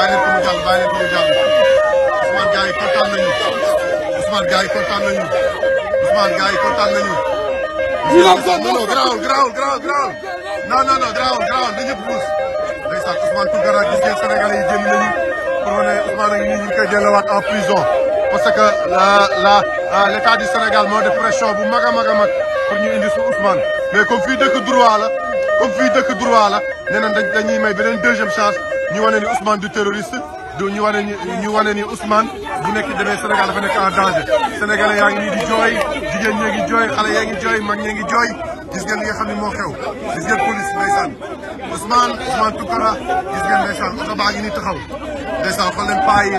bàyyi leen ko mu jàll bàyyi leen ko mu jàll Ousmane gars yi kontaan nañu Ousmane gars yi kontaan nañu Ousmane gars yi kontaan nañu. non garaawul garaawul garaawul non non non garaawul garaawul na ñëpp puus ndeysaan Ousmane Tounkara gis ngeen Sénégalais yi jënd nañu pour wane Ousmane ak ñi ñu ngi koy delluwaat en prison parce que la la l' état du Sénégal moo def pression bu mag a mag a mag pour ñu indi su Ousmane mais comme fii dëkk droit la comme fii dëkk droit la nee nañ dañuy may beneen deuxième chance. ñu wane ni Ousmane du terroriste du ñu wane ni ñu wane ni Ousmane bu nekk demee Sénégal dafa nekk en danger sénégalais yaa ngi nii di jooy jigéen ñee ngi jooy xale yaa ngi jooy mag ñee ngi jooy gis ngeen li nga xam ne moo xew gis ngeen police ndeysaan Ousmane Ousmane Tounkara gis ngeen ndeysaan oto baa ngi nii taxaw ndeysaan leen paa yi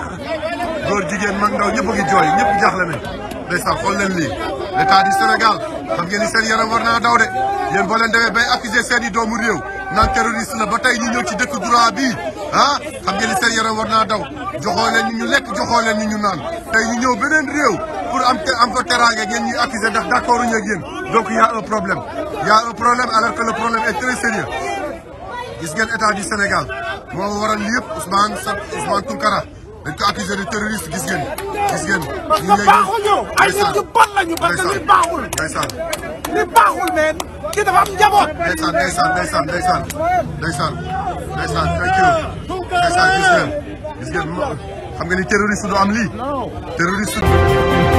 góor jigéen mag ndaw ñëpp a ngi jooy ñëpp jaaxle nañ ndeysaan xool leen lii l'état du Sénégal xam ngeen ni seen yaram war naa daw de yéen boo leen demee bay accuser seen i doomu réew naan terroriste la ba tey ñu ñëw ci dëkk droit bi ah xam ngeen ni seen yaram war naa daw joxoo leen ñu ñu lekk joxoo leen ñu ñu naan tey ñu ñëw beneen réew pour am am fa teraange ngeen ñuy accuser ndax d' ñu ak yéen donc y' a un problème y' a un problème alors que le problème est très sérieux gis ngeen état du Sénégal moo waral li yëpp Ousmane Ousmane Tounkara dañ ko accusé de terroriste gis ngeen gis ngeen. parce que baaxul ñu ay nit ñu bon lañu parce que li baaxul. ndeysaan li baaxul meen kii dafa am njaboot. ndeysaan ndeysaan ndeysaan ndeysaan ndeysaan ndeysaan ay kilo ndeysaan gis ngeen gis ngeen xam nga ni terroriste du am lii terroriste.